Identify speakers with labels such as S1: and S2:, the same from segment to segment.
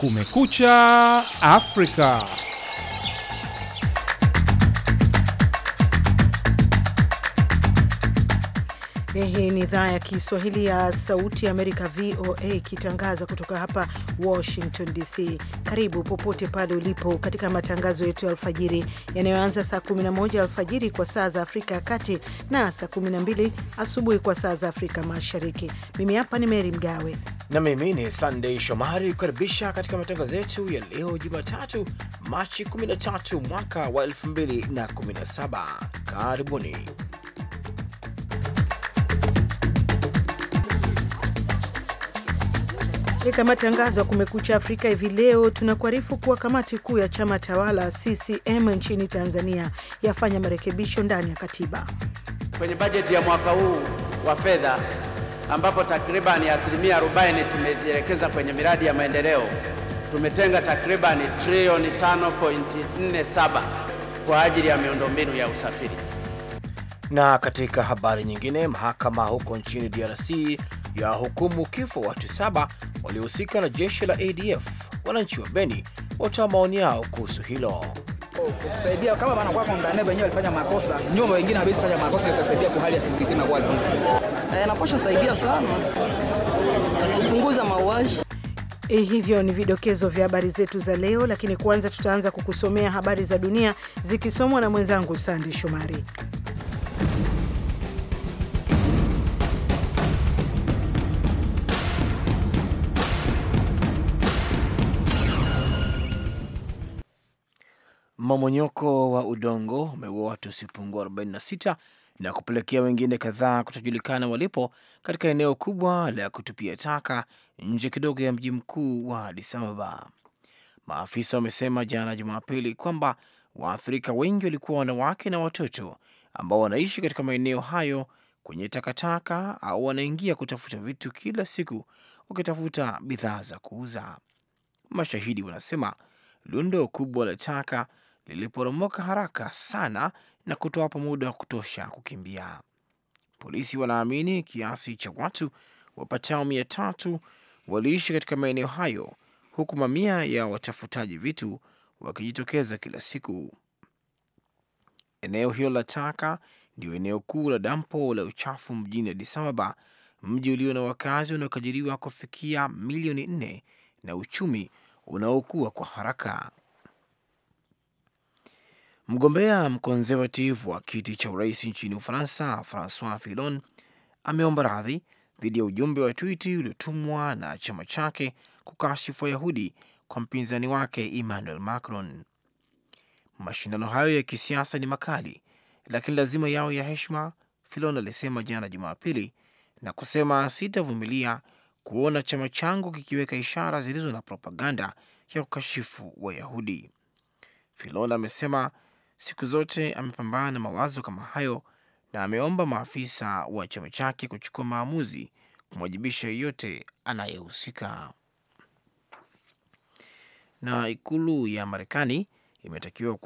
S1: Kumekucha
S2: Afrika.
S3: Hii ni idhaa ya Kiswahili ya Sauti ya Amerika, VOA, ikitangaza kutoka hapa Washington DC. Karibu popote pale ulipo katika matangazo yetu ya alfajiri yanayoanza saa 11 alfajiri kwa saa za Afrika ya Kati na saa 12 asubuhi kwa saa za Afrika Mashariki. Mimi hapa ni Meri Mgawe
S4: na mimi ni sandey Shomari kukaribisha katika matangazo yetu ya leo Jumatatu, Machi 13 mwaka wa 2017. Karibuni.
S3: Katika matangazo ya Kumekucha Afrika hivi leo tunakuarifu kuwa kamati kuu ya chama tawala CCM nchini Tanzania yafanya marekebisho ndani ya katiba
S5: kwenye bajeti ya mwaka huu wa fedha, ambapo takribani asilimia 40 tumezielekeza kwenye miradi ya maendeleo. Tumetenga takribani trilioni 5.47 kwa ajili ya miundombinu ya usafiri.
S4: Na katika habari nyingine, mahakama huko nchini DRC ya hukumu kifo watu saba waliohusika na jeshi la ADF, wananchi wa Beni watoa maoni yao kuhusu hilo.
S5: Kusaidia kama wanakuwa kongane wenyewe walifanya makosa nyuma,
S4: wengine hawezi fanya makosa, itasaidia hali ya sikiti na kwa vipi
S3: yanaposha saidia sana kupunguza mauaji. Eh, hivyo ni vidokezo vya habari zetu za leo, lakini kwanza tutaanza kukusomea habari za dunia zikisomwa na mwenzangu Sandi Shumari.
S4: Mmomonyoko wa udongo umeua watu wasiopungua 46 na kupelekea wengine kadhaa kutojulikana walipo katika eneo kubwa la kutupia taka nje kidogo ya mji mkuu wa Addis Ababa. Maafisa wamesema jana Jumapili kwamba waathirika wengi walikuwa wanawake na watoto ambao wanaishi katika maeneo hayo kwenye takataka au wanaingia kutafuta vitu kila siku wakitafuta bidhaa za kuuza. Mashahidi wanasema lundo kubwa la taka liliporomoka haraka sana na kutowapa muda wa kutosha kukimbia. Polisi wanaamini kiasi cha watu wapatao mia tatu waliishi katika maeneo hayo huku mamia ya watafutaji vitu wakijitokeza kila siku. Eneo hilo la taka ndio eneo kuu la dampo la uchafu mjini Addis Ababa, mji ulio na wakazi unaokadiriwa kufikia milioni nne na uchumi unaokua kwa haraka. Mgombea mkonservative wa kiti cha urais nchini Ufaransa, Francois Fillon ameomba radhi dhidi ya ujumbe wa twiti uliotumwa na chama chake kukashifu Wayahudi kwa mpinzani wake Emmanuel Macron. Mashindano hayo ya kisiasa ni makali, lakini lazima yao ya heshima, Filon alisema jana Jumapili, na kusema sitavumilia kuona chama changu kikiweka ishara zilizo na propaganda ya kukashifu Wayahudi. Filon amesema siku zote amepambana na mawazo kama hayo na ameomba maafisa wa chama chake kuchukua maamuzi kumwajibisha yeyote anayehusika. Na ikulu ya Marekani imetakiwa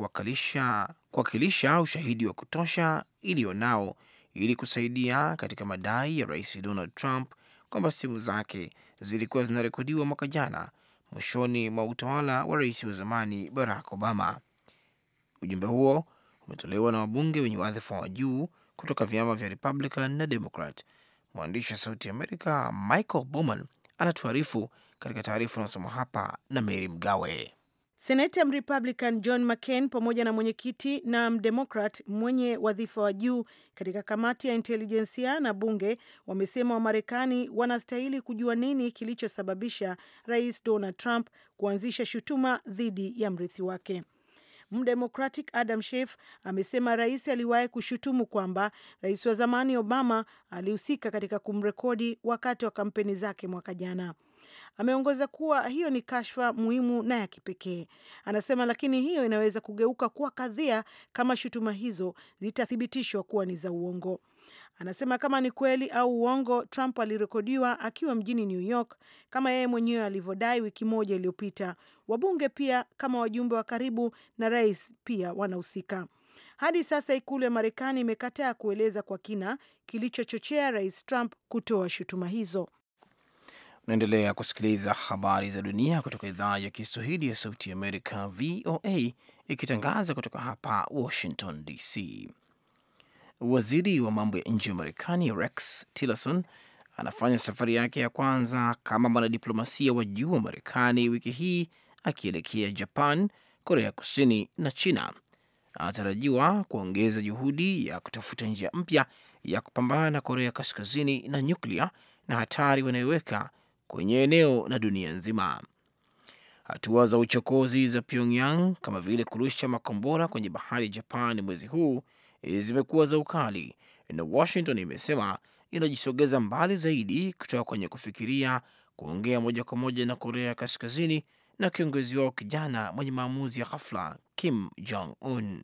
S4: kuwakilisha ushahidi wa kutosha iliyo nao ili kusaidia katika madai ya Rais Donald Trump kwamba simu zake zilikuwa zinarekodiwa mwaka jana mwishoni mwa utawala wa rais wa zamani Barack Obama. Ujumbe huo umetolewa na wabunge wenye wadhifa wa juu kutoka vyama vya Republican na Democrat. Mwandishi wa Sauti Amerika Michael Bowman anatuarifu katika taarifa unaosoma hapa na Mary Mgawe.
S3: Senata Mrepublican John McCain pamoja na mwenyekiti na Mdemokrat mwenye wadhifa wa juu katika kamati ya intelijensia na bunge wamesema Wamarekani wanastahili kujua nini kilichosababisha Rais Donald Trump kuanzisha shutuma dhidi ya mrithi wake. Mdemocratic Adam Schiff amesema rais aliwahi kushutumu kwamba rais wa zamani Obama alihusika katika kumrekodi wakati wa kampeni zake mwaka jana. Ameongeza kuwa hiyo ni kashfa muhimu na ya kipekee. Anasema lakini hiyo inaweza kugeuka kuwa kadhia kama shutuma hizo zitathibitishwa kuwa ni za uongo. Anasema kama ni kweli au uongo, Trump alirekodiwa akiwa mjini New York kama yeye mwenyewe alivyodai wiki moja iliyopita. Wabunge pia kama wajumbe wa karibu na rais pia wanahusika. Hadi sasa ikulu ya Marekani imekataa kueleza kwa kina kilichochochea rais Trump kutoa shutuma hizo.
S4: Unaendelea kusikiliza habari za dunia kutoka idhaa ya Kiswahili ya Sauti Amerika, VOA, ikitangaza kutoka hapa Washington DC. Waziri wa mambo ya nje wa Marekani Rex Tillerson anafanya safari yake ya kwanza kama mwanadiplomasia wa juu wa Marekani wiki hii akielekea Japan, Korea Kusini na China. Anatarajiwa kuongeza juhudi ya kutafuta njia mpya ya kupambana na Korea Kaskazini na nyuklia na hatari wanayoweka kwenye eneo na dunia nzima. Hatua za uchokozi za Pyongyang kama vile kurusha makombora kwenye bahari Japan mwezi huu eh, zimekuwa za ukali, na Washington imesema inajisogeza mbali zaidi kutoka kwenye kufikiria kuongea moja kwa moja na Korea Kaskazini na kiongozi wao kijana mwenye maamuzi ya ghafla Kim Jong Un.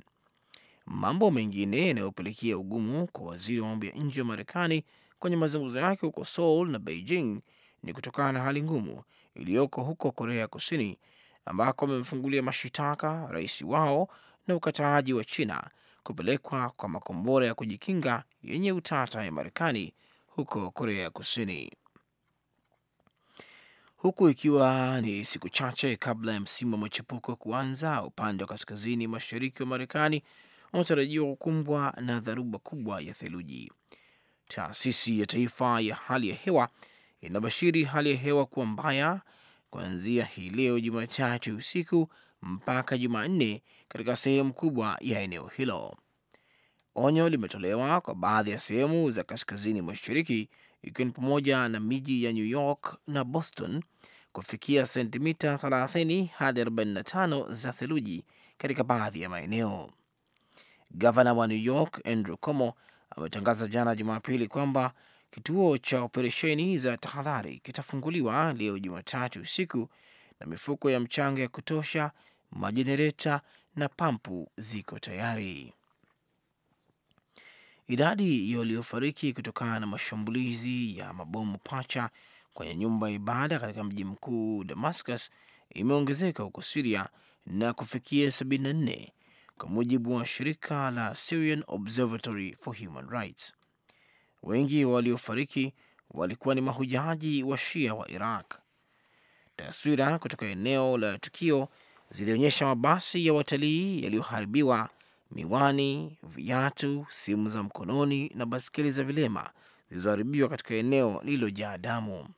S4: Mambo mengine yanayopelekea ugumu kwa waziri wa mambo ya nje wa Marekani kwenye mazungumzo yake huko Seoul na Beijing ni kutokana na hali ngumu iliyoko huko Korea Kusini, ambako wamemfungulia mashitaka rais wao na ukataaji wa China kupelekwa kwa makombora ya kujikinga yenye utata ya Marekani huko Korea Kusini, huku ikiwa ni siku chache kabla ya msimu wa machipuko kuanza. Upande wa kaskazini mashariki wa Marekani unatarajiwa kukumbwa na dharuba kubwa ya theluji. Taasisi ya Taifa ya Hali ya Hewa inabashiri hali ya hewa kuwa mbaya kuanzia hii leo Jumatatu usiku mpaka Jumanne katika sehemu kubwa ya eneo hilo. Onyo limetolewa kwa baadhi ya sehemu za kaskazini mashariki ikiwa ni pamoja na miji ya New York na Boston kufikia sentimita 30 hadi 45 za theluji katika baadhi ya maeneo. Gavana wa New York Andrew Cuomo ametangaza jana Jumapili kwamba Kituo cha operesheni za tahadhari kitafunguliwa leo Jumatatu usiku na mifuko ya mchanga ya kutosha, majenereta na pampu ziko tayari. Idadi ya waliofariki kutokana na mashambulizi ya mabomu pacha kwenye nyumba ya ibada katika mji mkuu Damascus imeongezeka huko Siria na kufikia 74 kwa mujibu wa shirika la Syrian Observatory for Human Rights. Wengi waliofariki walikuwa ni mahujaji wa Shia wa Iraq. Taswira kutoka eneo la tukio zilionyesha mabasi ya watalii yaliyoharibiwa, miwani, viatu, simu za mkononi na baskeli za vilema zilizoharibiwa katika eneo lililojaa damu.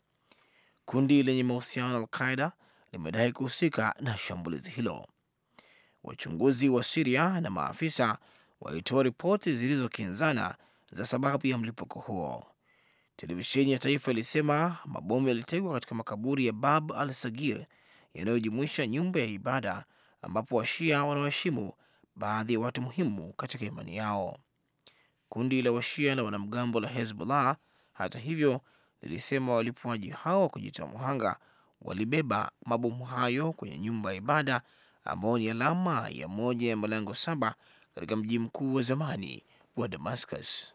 S4: Kundi lenye mahusiano na Alqaida limedai kuhusika na shambulizi hilo. Wachunguzi wa Siria na maafisa walitoa ripoti zilizokinzana za sababu ya mlipuko huo. Televisheni ya taifa ilisema mabomu yalitegwa katika makaburi ya Bab al Sagir yanayojumuisha nyumba ya ibada ambapo Washia wanawaheshimu baadhi ya watu muhimu katika imani yao. Kundi la Washia la wanamgambo la Hezbollah, hata hivyo, lilisema walipuaji hao wa kujitoa muhanga walibeba mabomu hayo kwenye nyumba ya ibada ambayo ni alama ya moja ya malango saba katika mji mkuu wa zamani wa Damascus.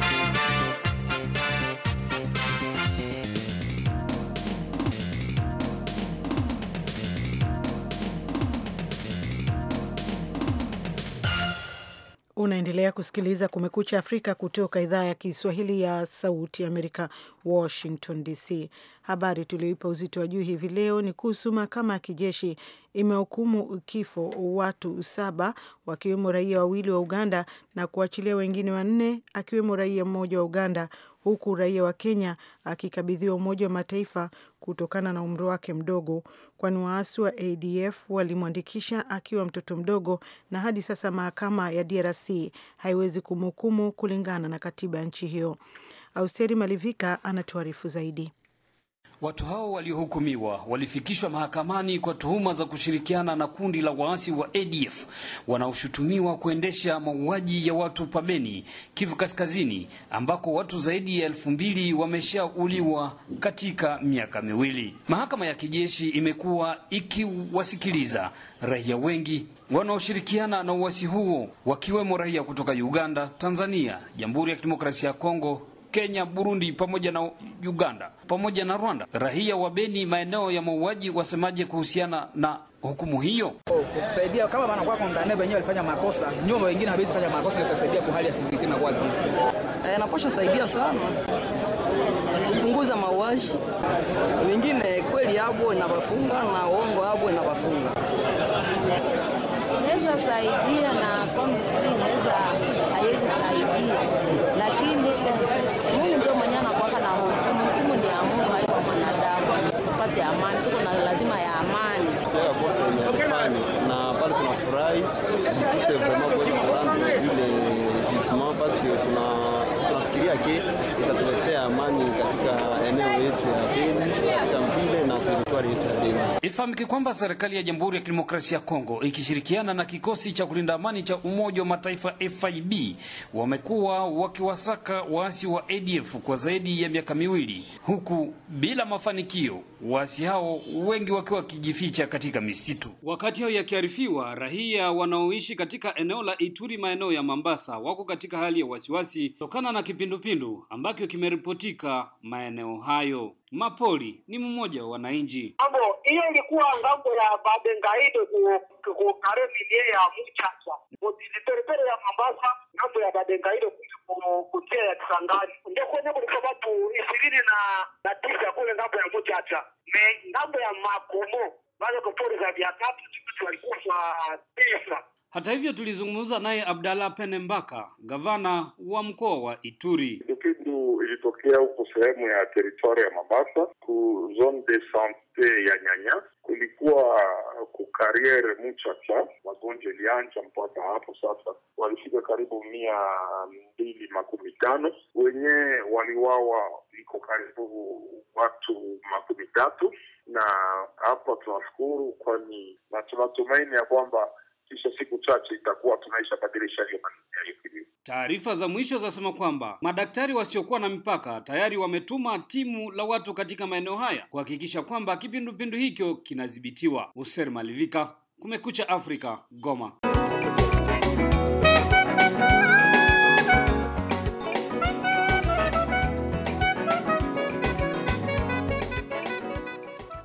S3: Unaendelea kusikiliza Kumekucha Afrika kutoka idhaa ya Kiswahili ya Sauti Amerika, Washington DC. Habari tulioipa uzito wa juu hivi leo ni kuhusu mahakama ya kijeshi imehukumu kifo watu saba wakiwemo raia wawili wa Uganda na kuachilia wengine wanne akiwemo raia mmoja wa Uganda huku raia wa Kenya akikabidhiwa Umoja wa Mataifa kutokana na umri wake mdogo, kwani waasi wa ADF walimwandikisha akiwa mtoto mdogo, na hadi sasa mahakama ya DRC haiwezi kumhukumu kulingana na katiba ya nchi hiyo. Austeri Malivika anatuarifu zaidi.
S6: Watu hao waliohukumiwa walifikishwa mahakamani kwa tuhuma za kushirikiana na kundi la waasi wa ADF wanaoshutumiwa kuendesha mauaji ya watu Pabeni, Kivu Kaskazini, ambako watu zaidi ya elfu mbili wameshauliwa katika miaka miwili. Mahakama ya kijeshi imekuwa ikiwasikiliza raia wengi wanaoshirikiana na uasi huo, wakiwemo raia kutoka Uganda, Tanzania, Jamhuri ya Kidemokrasia ya Kongo Kenya, Burundi pamoja na Uganda pamoja na Rwanda. Raia wa Beni maeneo ya mauaji wasemaje kuhusiana na hukumu hiyo? Kusaidia kama wanakuwa kondane wenyewe walifanya makosa, nyuma wengine hawezi fanya makosa, kwa hali ya sisi tena kwa pili. Eh, naposha saidia sana
S4: kupunguza mauaji. Wengine kweli hapo inawafunga na uongo hapo
S6: inawafunga.
S7: Naweza saidia na konsti,
S4: naweza
S5: imetufanya na pale tunafurahi ile jugement parce que tuna tunafikiria ke itatuletea amani
S3: katika eneo yetu ya Beni, katika mvile na teritwari yetu ya Beni. Ifahamike kwamba serikali
S6: ya Jamhuri ya Kidemokrasia ya Kongo ikishirikiana na kikosi cha kulinda amani cha Umoja wa Mataifa FIB wamekuwa wakiwasaka waasi wa ADF kwa zaidi ya miaka miwili huku bila mafanikio waasi hao wengi wakiwa wakijificha katika misitu. Wakati hayo yakiarifiwa, raia wanaoishi katika eneo la Ituri, maeneo ya Mambasa, wako katika hali ya wasiwasi kutokana na kipindupindu ambacho kimeripotika maeneo hayo. Mapoli ni mmoja wa wananchi.
S2: Hiyo ilikuwa ngambo ya
S6: Badengaido ku karefidie ya Kwa kuziperipere ya Mambasa ngambo ya Badenga ile kutia ya Kisangani ndio kwenye kulikuwa watu ishirini na na tisa kule ngambo ya Muchacha me ngambo ya Makomo bado kupori za vya tatu walikufa tisa. Hata hivyo tulizungumza naye pene Penembaka, gavana wa mkoa wa Ituri.
S1: Kipindu ilitokea huko sehemu ya teritoria ya Mambasa ku zone de sante ya Nyanya kulikuwa kukariere muchacha magonjwa ilianja mpaka hapo sasa, walifika karibu mia mbili makumi tano wenyewe waliwawa, iko karibu watu makumi tatu na hapa tunashukuru, kwani na tunatumaini ya kwamba kisha siku chache itakuwa tunaishabadilisha hiyo
S6: Taarifa za mwisho zasema kwamba madaktari wasiokuwa na mipaka tayari wametuma timu la watu katika maeneo haya kuhakikisha kwamba kipindupindu hicho kinadhibitiwa. User Malivika, Kumekucha Afrika, Goma.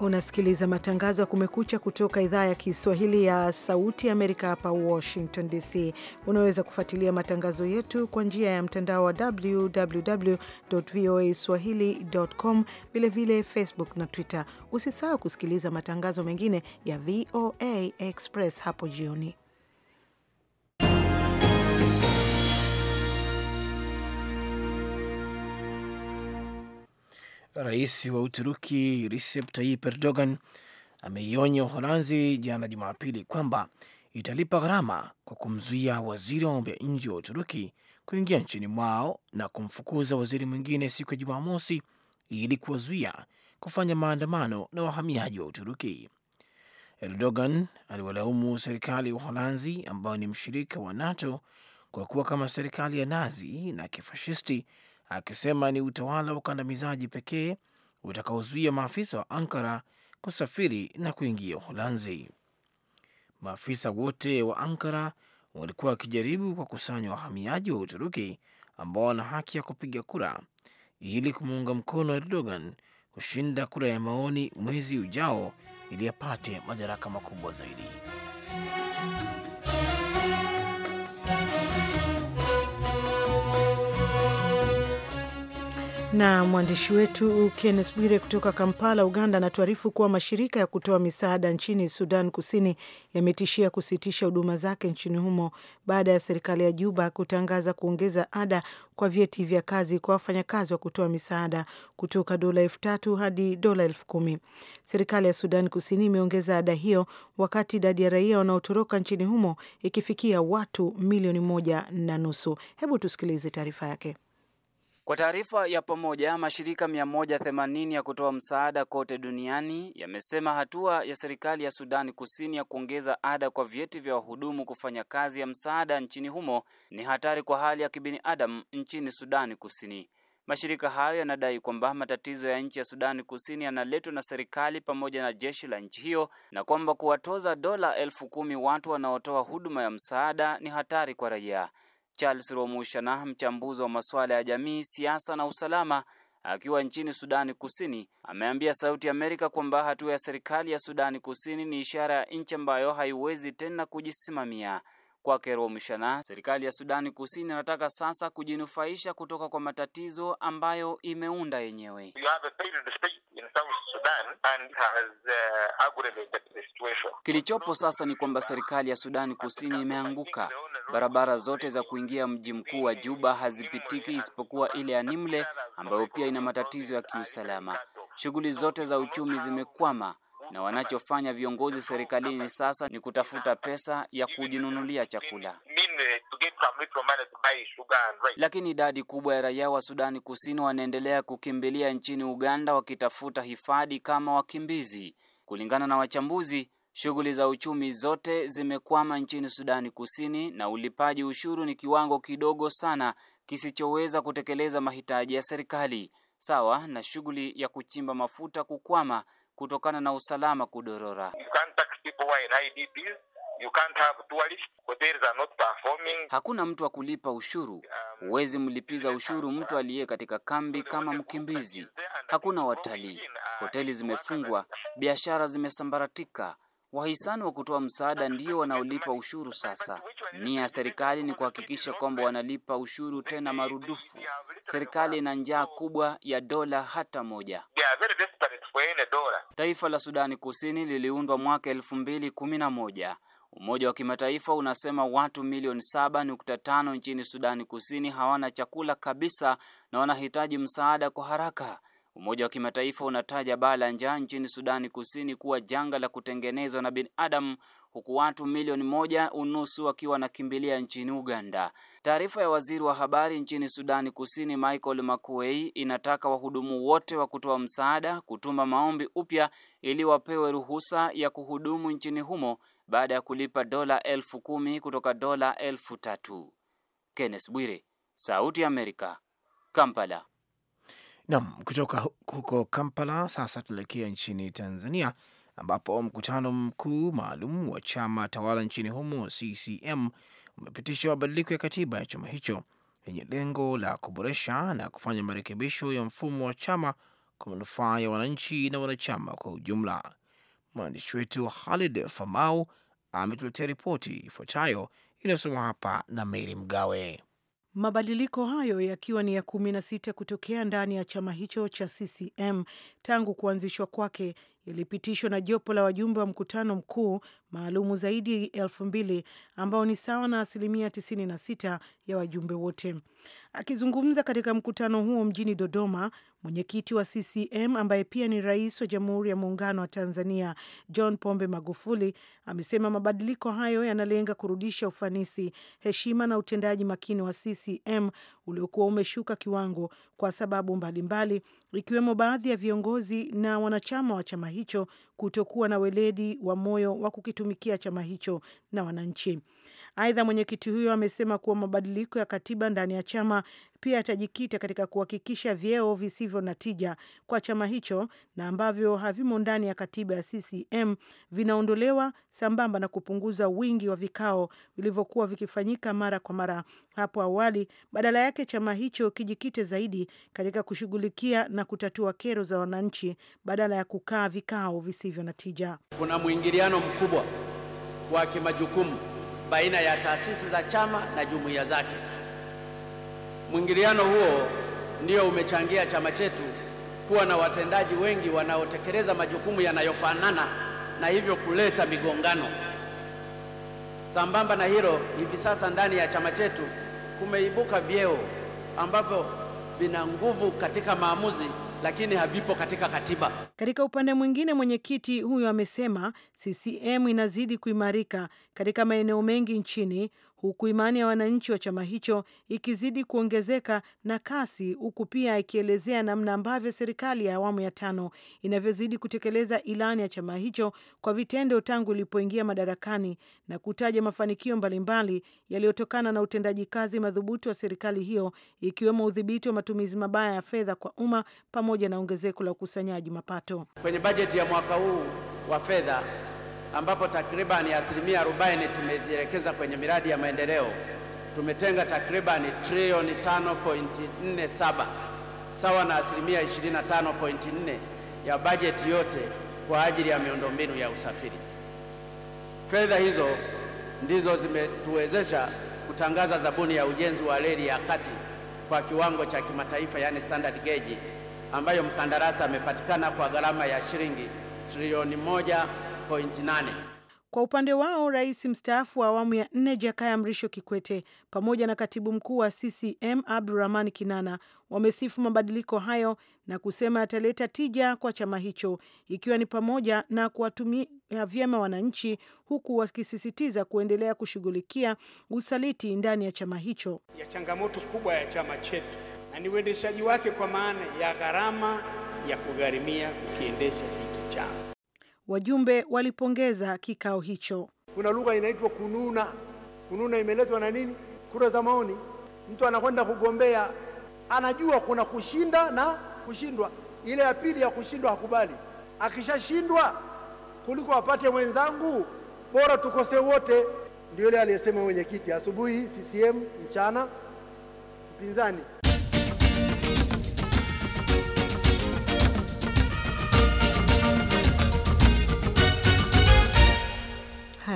S3: Unasikiliza matangazo ya Kumekucha kutoka idhaa ya Kiswahili ya Sauti Amerika, hapa Washington DC. Unaweza kufuatilia matangazo yetu kwa njia ya mtandao wa www voa swahili.com, vilevile Facebook na Twitter. Usisahau kusikiliza matangazo mengine ya VOA Express hapo jioni.
S4: Rais wa Uturuki Recep Tayyip Erdogan ameionya Uholanzi jana Jumapili kwamba italipa gharama kwa kumzuia waziri wa mambo ya nje wa Uturuki kuingia nchini mwao na kumfukuza waziri mwingine siku ya Jumamosi ili kuwazuia kufanya maandamano na wahamiaji wa Uturuki. Erdogan aliwalaumu serikali ya Uholanzi ambayo ni mshirika wa NATO kwa kuwa kama serikali ya Nazi na kifashisti akisema ni utawala wa ukandamizaji pekee utakaozuia maafisa wa Ankara kusafiri na kuingia Uholanzi. Maafisa wote wa Ankara walikuwa wakijaribu kwa kusanya wahamiaji wa Uturuki ambao wana haki ya kupiga kura ili kumuunga mkono Erdogan kushinda kura ya maoni mwezi ujao ili apate madaraka makubwa zaidi.
S3: Na mwandishi wetu kennes Bwire kutoka Kampala, Uganda, anatuarifu kuwa mashirika ya kutoa misaada nchini Sudan Kusini yametishia kusitisha huduma zake nchini humo baada ya serikali ya Juba kutangaza kuongeza ada kwa vyeti vya kazi kwa wafanyakazi wa kutoa misaada kutoka dola elfu tatu hadi dola elfu kumi. Serikali ya Sudan Kusini imeongeza ada hiyo wakati idadi ya raia wanaotoroka nchini humo ikifikia watu milioni moja na nusu. Hebu tusikilize taarifa yake.
S2: Kwa taarifa ya pamoja, mashirika 180 ya kutoa msaada kote duniani yamesema hatua ya serikali ya Sudani Kusini ya kuongeza ada kwa vyeti vya wahudumu kufanya kazi ya msaada nchini humo ni hatari kwa hali ya kibinadamu nchini Sudani Kusini. Mashirika hayo yanadai kwamba matatizo ya nchi ya Sudani Kusini yanaletwa na serikali pamoja na jeshi la nchi hiyo na kwamba kuwatoza dola elfu kumi watu wanaotoa huduma ya msaada ni hatari kwa raia. Charles Romushana, mchambuzi wa masuala ya jamii, siasa na usalama, akiwa nchini Sudani Kusini, ameambia Sauti Amerika kwamba hatua ya serikali ya Sudani Kusini ni ishara ya nchi ambayo haiwezi tena kujisimamia. Kwake Romushana, serikali ya Sudani Kusini inataka sasa kujinufaisha kutoka kwa matatizo ambayo imeunda yenyewe. Uh, Kilichopo sasa ni kwamba serikali ya Sudani Kusini imeanguka Barabara zote za kuingia mji mkuu wa Juba hazipitiki isipokuwa ile ya Nimle ambayo pia ina matatizo ya kiusalama. Shughuli zote za uchumi zimekwama na wanachofanya viongozi serikalini sasa ni kutafuta pesa ya kujinunulia chakula. Lakini idadi kubwa ya raia wa Sudani Kusini wanaendelea kukimbilia nchini Uganda wakitafuta hifadhi kama wakimbizi. Kulingana na wachambuzi, Shughuli za uchumi zote zimekwama nchini Sudani Kusini na ulipaji ushuru ni kiwango kidogo sana kisichoweza kutekeleza mahitaji ya serikali, sawa na shughuli ya kuchimba mafuta kukwama kutokana na usalama kudorora. Hakuna mtu wa kulipa ushuru. Um, Huwezi mlipiza ushuru mtu aliye katika kambi kama mkimbizi. Hakuna watalii, uh, hoteli zimefungwa, biashara zimesambaratika. Wahisani wa kutoa msaada ndio wanaolipa ushuru. Sasa nia ya serikali ni kuhakikisha kwamba wanalipa ushuru tena marudufu. Serikali ina njaa kubwa ya dola hata moja. Taifa la Sudani Kusini liliundwa mwaka elfu mbili kumi na moja. Umoja wa Kimataifa unasema watu milioni 7.5 nchini Sudani Kusini hawana chakula kabisa na wanahitaji msaada kwa haraka. Umoja wa Kimataifa unataja baa la njaa nchini Sudani Kusini kuwa janga la kutengenezwa na binadamu huku watu milioni moja unusu wakiwa wanakimbilia nchini Uganda. Taarifa ya waziri wa habari nchini Sudani Kusini Michael Makuei inataka wahudumu wote wa kutoa msaada kutuma maombi upya ili wapewe ruhusa ya kuhudumu nchini humo baada ya kulipa dola elfu kumi kutoka dola elfu tatu. Kenneth Bwire, Sauti ya Amerika, Kampala.
S4: Nam kutoka huko Kampala. Sasa tunaelekea nchini Tanzania, ambapo mkutano mkuu maalum wa chama tawala nchini humo CCM umepitisha mabadiliko ya katiba ya chama hicho yenye lengo la kuboresha na kufanya marekebisho ya mfumo wa chama kwa manufaa ya wananchi na wanachama kwa ujumla. Mwandishi wetu Halid Famau ametuletea ripoti ifuatayo inayosoma hapa na Meri Mgawe.
S3: Mabadiliko hayo yakiwa ni ya kumi na sita kutokea ndani ya chama hicho cha CCM tangu kuanzishwa kwake, yalipitishwa na jopo la wajumbe wa mkutano mkuu maalumu zaidi elfu mbili ambao ni sawa na asilimia 96 ya wajumbe wote. Akizungumza katika mkutano huo mjini Dodoma, Mwenyekiti wa CCM ambaye pia ni rais wa Jamhuri ya Muungano wa Tanzania, John Pombe Magufuli, amesema mabadiliko hayo yanalenga kurudisha ufanisi, heshima na utendaji makini wa CCM uliokuwa umeshuka kiwango kwa sababu mbalimbali mbali, ikiwemo baadhi ya viongozi na wanachama wa chama hicho kutokuwa na weledi wa moyo wa kukitumikia chama hicho na wananchi. Aidha, mwenyekiti huyo amesema kuwa mabadiliko ya katiba ndani ya chama pia atajikita katika kuhakikisha vyeo visivyo na tija kwa chama hicho na ambavyo havimo ndani ya katiba ya CCM vinaondolewa sambamba na kupunguza wingi wa vikao vilivyokuwa vikifanyika mara kwa mara hapo awali. Badala yake, chama hicho kijikite zaidi katika kushughulikia na kutatua kero za wananchi badala ya kukaa vikao visivyo na tija.
S5: Kuna mwingiliano mkubwa wa kimajukumu baina ya taasisi za chama na jumuiya zake. Mwingiliano huo ndio umechangia chama chetu kuwa na watendaji wengi wanaotekeleza majukumu yanayofanana na hivyo kuleta migongano. Sambamba na hilo, hivi sasa ndani ya chama chetu kumeibuka vyeo ambavyo vina nguvu katika maamuzi lakini havipo katika katiba.
S3: Katika upande mwingine, mwenyekiti huyo amesema CCM inazidi kuimarika katika maeneo mengi nchini huku imani ya wananchi wa chama hicho ikizidi kuongezeka na kasi, huku pia ikielezea namna ambavyo serikali ya awamu ya tano inavyozidi kutekeleza ilani ya chama hicho kwa vitendo tangu ilipoingia madarakani na kutaja mafanikio mbalimbali yaliyotokana na utendaji kazi madhubuti wa serikali hiyo, ikiwemo udhibiti wa matumizi mabaya ya fedha kwa umma pamoja na ongezeko la ukusanyaji mapato.
S5: Kwenye bajeti ya mwaka huu wa fedha ambapo takribani asilimia 40 tumezielekeza kwenye miradi ya maendeleo. Tumetenga takribani trilioni 5.47 sawa na asilimia 25.4 ya bajeti yote kwa ajili ya miundombinu ya usafiri. Fedha hizo ndizo zimetuwezesha kutangaza zabuni ya ujenzi wa reli ya kati kwa kiwango cha kimataifa, yani standard gauge, ambayo mkandarasi amepatikana kwa gharama ya shilingi trilioni moja 1.8.
S3: Kwa upande wao rais mstaafu wa awamu ya nne Jakaya Mrisho Kikwete pamoja na katibu mkuu wa CCM Abdurahman Kinana wamesifu mabadiliko hayo na kusema yataleta tija kwa chama hicho, ikiwa ni pamoja na kuwatumia vyema wananchi, huku wakisisitiza kuendelea kushughulikia usaliti ndani ya chama hicho.
S5: ya changamoto kubwa ya chama chetu na ni uendeshaji wake, kwa maana ya gharama ya kugharimia kukiendesha hiki chama
S3: Wajumbe walipongeza kikao
S5: hicho. Kuna lugha inaitwa kununa. Kununa imeletwa na nini? Kura za maoni. Mtu anakwenda kugombea, anajua kuna kushinda na kushindwa. Ile ya pili ya kushindwa hakubali, akishashindwa kuliko apate mwenzangu, bora tukose wote. Ndio ile aliyesema mwenyekiti asubuhi CCM, mchana mpinzani.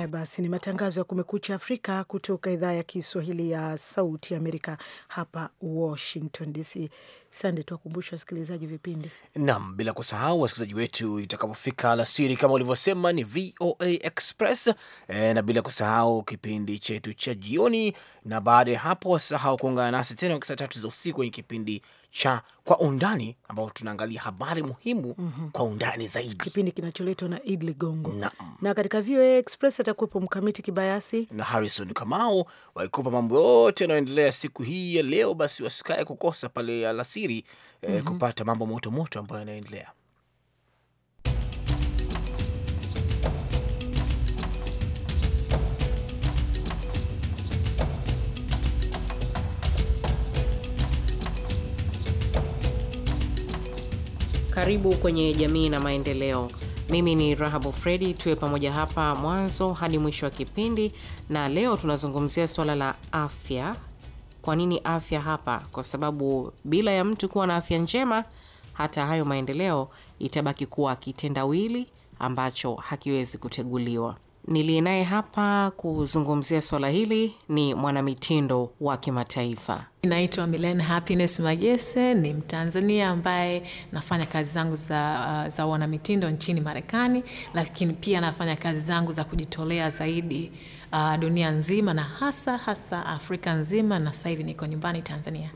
S3: Haya basi, ni matangazo ya Kumekucha Afrika kutoka idhaa ya Kiswahili ya Sauti Amerika hapa Washington DC. Sande, tuwakumbusha wasikilizaji vipindi
S4: nam, bila kusahau wasikilizaji wetu itakapofika alasiri, kama ulivyosema ni VOA Express e, na bila kusahau kipindi chetu cha jioni, na baada ya hapo wasahau kuungana nasi tena saa tatu za usiku kwenye kipindi cha kwa undani ambao tunaangalia habari
S3: muhimu mm -hmm. kwa undani zaidi, kipindi kinacholetwa na Id Ligongo na, na katika VOA Express atakuwepo Mkamiti Kibayasi na Harrison Kamau waikupa mambo yote yanayoendelea
S4: siku hii ya leo. Basi wasikae kukosa pale alasiri eh, mm -hmm. kupata mambo motomoto ambayo yanaendelea.
S1: Karibu kwenye Jamii na Maendeleo. Mimi ni Rahabu Fredi, tuwe pamoja hapa mwanzo hadi mwisho wa kipindi, na leo tunazungumzia swala la afya. Kwa nini afya hapa? Kwa sababu bila ya mtu kuwa na afya njema, hata hayo maendeleo itabaki kuwa kitendawili ambacho hakiwezi kuteguliwa. Niliye naye hapa kuzungumzia swala hili ni mwanamitindo wa kimataifa.
S7: Naitwa Milen Happiness Magese, ni Mtanzania ambaye nafanya kazi zangu za, uh, za wanamitindo nchini Marekani, lakini pia nafanya kazi zangu za kujitolea zaidi uh, dunia nzima na hasa hasa Afrika nzima, na sasa hivi niko nyumbani Tanzania.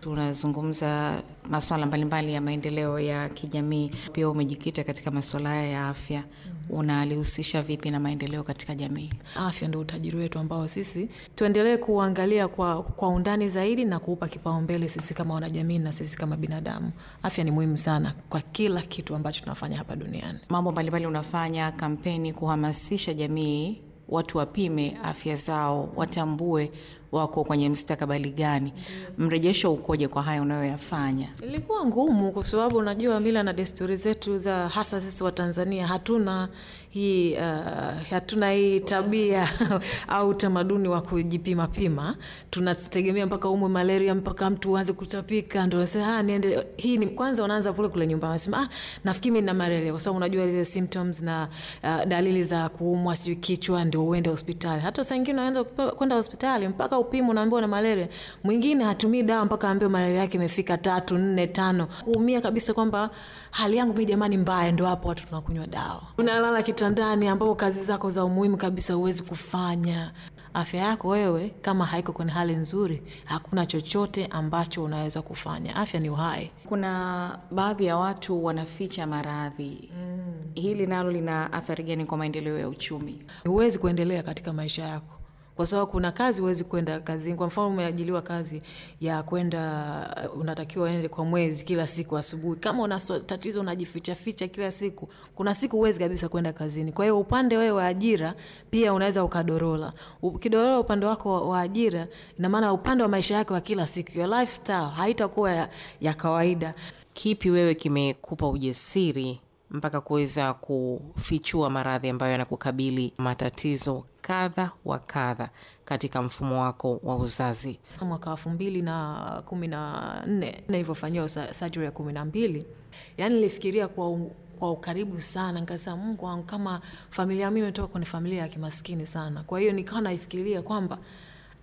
S1: Tunazungumza maswala mbalimbali ya maendeleo ya kijamii, pia umejikita katika maswala haya ya afya unalihusisha vipi na maendeleo
S7: katika jamii? Afya ndio utajiri wetu ambao sisi tuendelee kuangalia kwa, kwa undani zaidi na kuupa kipaumbele sisi kama wanajamii na sisi kama binadamu. Afya ni muhimu sana kwa kila kitu ambacho tunafanya hapa duniani. Mambo mbalimbali unafanya kampeni kuhamasisha
S1: jamii watu wapime afya zao, watambue wako kwenye mstakabali gani? mm. mrejesho ukoje kwa haya unayoyafanya?
S7: Ilikuwa ngumu kwa sababu unajua mila na desturi zetu za hasa sisi wa Tanzania hatuna hii uh, hatuna hii tabia au utamaduni wa kujipima pima. Tunategemea mpaka umwe malaria mpaka mtu uanze kutapika ndio sasa ah, niende hii ni kwanza, unaanza kule kule nyumbani unasema ah, nafikiri mimi nina malaria kwa sababu unajua zile symptoms na uh, dalili za kuumwa sijui kichwa, ndio uende hospitali. Hata saa nyingine unaanza kwenda hospitali mpaka upimo unaambiwa una malaria. Mwingine hatumii dawa mpaka ambayo malaria yake imefika tatu, nne, tano, kuumia kabisa kwamba hali yangu mimi jamani mbaya, ndo hapo watu tunakunywa dawa. Unalala kitandani ambapo kazi zako za umuhimu kabisa huwezi kufanya. Afya yako wewe kama haiko kwenye hali nzuri, hakuna chochote ambacho unaweza kufanya. Afya ni uhai. Kuna baadhi ya watu wanaficha maradhi mm. Hili nalo lina athari gani kwa maendeleo ya uchumi? Huwezi kuendelea katika maisha yako kwa sababu kuna kazi huwezi kwenda kazini. Kwa mfano, umeajiliwa kazi ya kwenda, unatakiwa uende kwa mwezi kila siku asubuhi, kama una tatizo unajificha ficha kila siku, kuna siku huwezi kabisa kwenda kazini. Kwa hiyo upande wewe wa ajira pia unaweza ukadorola. Ukidorola upande wako wa ajira, ina maana upande wa maisha yako ya kila siku, your lifestyle haitakuwa ya, ya kawaida. Kipi wewe kimekupa
S1: ujasiri mpaka kuweza kufichua maradhi ambayo yanakukabili, matatizo kadha wa kadha katika mfumo wako wa uzazi.
S7: Mwaka elfu mbili na kumi na nne nilivyofanyiwa sajiri ya kumi na mbili, yaani nilifikiria kwa kwa ukaribu sana, nikasema Mungu wangu, kama familia mimi imetoka kwenye familia ya kimaskini sana. Kwa hiyo nikawa naifikiria kwamba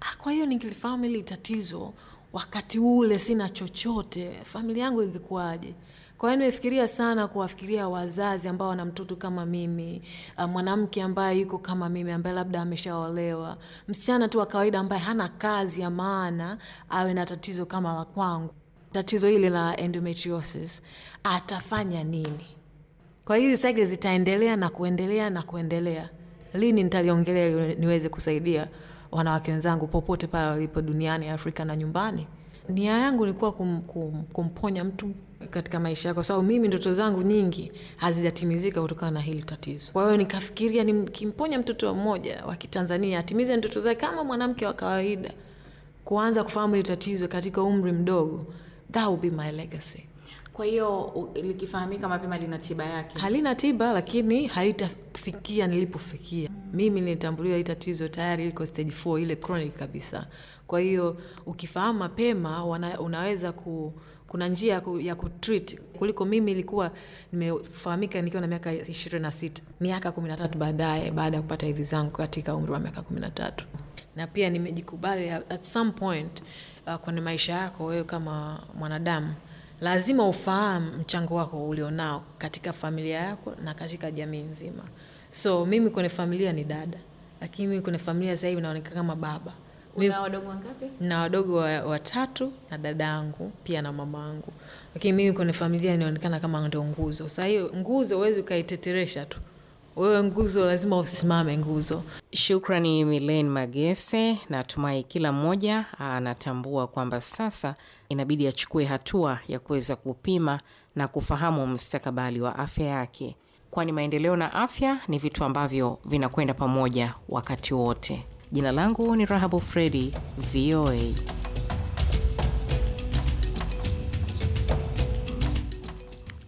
S7: ah, kwa hiyo ningelifahamu hili tatizo wakati ule, sina chochote, familia yangu ingekuwaje? Kwa hiyo nimefikiria sana kuwafikiria wazazi ambao wana mtoto kama mimi, ah, mwanamke ambaye yuko kama mimi, ambaye labda ameshaolewa, msichana tu wa kawaida ambaye hana kazi ya maana, awe na tatizo kama la kwangu, tatizo hili la endometriosis, atafanya nini? Kwa hizi cycle zitaendelea na kuendelea na kuendelea. Lini nitaliongelea niweze kusaidia wanawake wenzangu popote pale walipo duniani, Afrika na nyumbani. Nia yangu ni kuwa kum, kum, kumponya mtu katika maisha yako, sababu mimi ndoto zangu nyingi hazijatimizika kutokana na hili tatizo. Kwa hiyo nikafikiria nikimponya mtoto mmoja wa Kitanzania atimize ndoto zake kama mwanamke wa kawaida, kuanza kufahamu hili tatizo katika umri mdogo, that will be my legacy. Kwa hiyo likifahamika mapema, lina tiba yake? Halina tiba, lakini haitafikia nilipofikia. Mimi nilitambuliwa hii tatizo tayari iko stage ile chronic kabisa. Kwa hiyo ukifahamu mapema, unaweza ku kuna njia ya, ku, ya kutreat kuliko mimi ilikuwa nimefahamika nikiwa na miaka ishirini na sita miaka kumi na tatu baadaye baada ya kupata hedhi zangu katika umri wa miaka kumi na tatu na pia nimejikubali at some point uh, kwenye maisha yako wewe kama mwanadamu lazima ufahamu mchango wako ulionao katika familia yako na katika jamii nzima so mimi kwenye familia ni dada lakini mimi kwenye familia zahivi naonekana kama baba Una wadogo
S1: wangapi? Na
S7: wadogo watatu wa na dadangu pia na mamangu, lakini mimi kwenye familia inaonekana kama ndio nguzo. Sasa hiyo nguzo huwezi ukaiteteresha tu wewe nguzo lazima usimame
S1: nguzo. Shukrani Milen Magese. Natumai kila mmoja ah, anatambua kwamba sasa inabidi achukue hatua ya kuweza kupima na kufahamu mstakabali wa afya yake, kwani maendeleo na afya ni vitu ambavyo vinakwenda pamoja wakati wote. Jina langu ni Rahabu Fredi, VOA.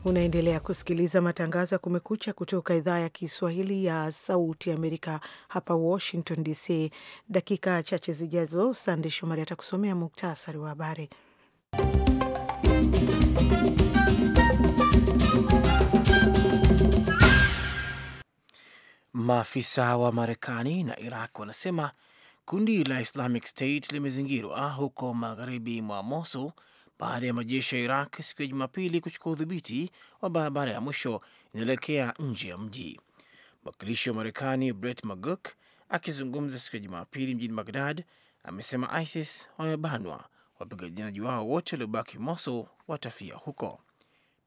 S3: Unaendelea kusikiliza matangazo ya Kumekucha kutoka idhaa ya Kiswahili ya Sauti ya Amerika hapa Washington DC. Dakika chache zijazo, Sande Shomari atakusomea muktasari wa habari.
S4: Maafisa wa Marekani na Iraq wanasema kundi la Islamic State limezingirwa huko magharibi mwa Mosul baada ya majeshi ya Iraq siku ya Jumapili kuchukua udhibiti wa barabara ya mwisho inaelekea nje ya mji. Mwakilishi wa Marekani Brett Maguk akizungumza siku ya Jumapili mjini Bagdad amesema ISIS wamebanwa, wapiganaji wao wote waliobaki Mosul watafia huko.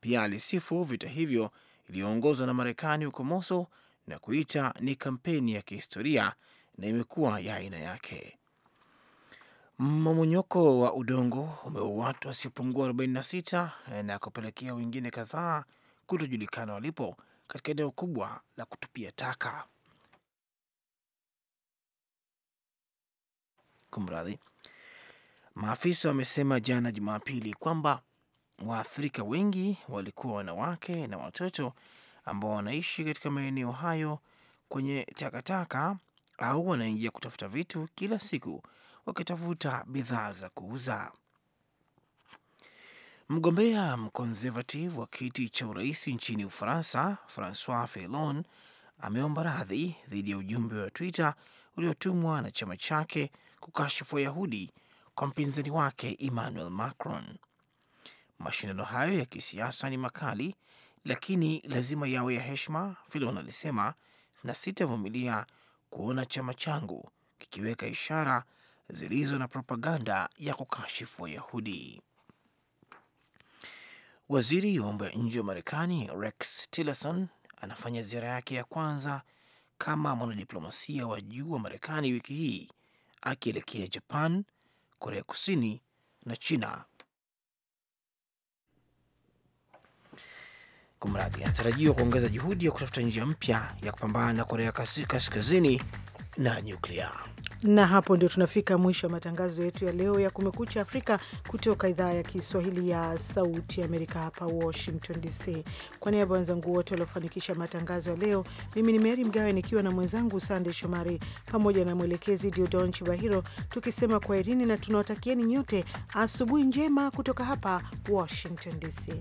S4: Pia alisifu vita hivyo iliyoongozwa na Marekani huko Mosul na kuita ni kampeni ya kihistoria na imekuwa ya aina yake. Mmomonyoko wa udongo umeua watu wasiopungua 46 na kupelekea wengine kadhaa kutojulikana walipo katika eneo kubwa la kutupia taka. Kumradhi, maafisa wamesema jana Jumapili kwamba waathirika wengi walikuwa wanawake na watoto ambao wanaishi katika maeneo hayo kwenye takataka au wanaingia kutafuta vitu kila siku wakitafuta bidhaa za kuuza. Mgombea mkonservative wa kiti cha urais nchini Ufaransa, Francois Fillon ameomba radhi dhidi ya ujumbe wa Twitter uliotumwa na chama chake kukashifu Wayahudi kwa mpinzani wake Emmanuel Macron. Mashindano hayo ya kisiasa ni makali lakini lazima yawe ya heshima, Filon alisema. Na sitavumilia kuona chama changu kikiweka ishara zilizo na propaganda ya kukashifu Wayahudi. Waziri wa mambo ya nje wa Marekani Rex Tillerson anafanya ziara yake ya kwanza kama mwanadiplomasia wa juu wa Marekani wiki hii akielekea Japan, Korea Kusini na China kumradhi, anatarajiwa kuongeza juhudi ya kutafuta njia mpya ya kupambana na Korea Kaskazini na nyuklia.
S3: Na hapo ndio tunafika mwisho wa matangazo yetu ya leo ya Kumekucha Afrika kutoka idhaa ya Kiswahili ya Sauti ya Amerika, hapa Washington DC. Kwa niaba ya wenzangu wote waliofanikisha matangazo ya leo, mimi ni Meri Mgawe nikiwa na mwenzangu Sande Shomari pamoja na mwelekezi Diodon Chibahiro, tukisema kwa herini na tunawatakieni nyote asubuhi njema kutoka hapa Washington DC.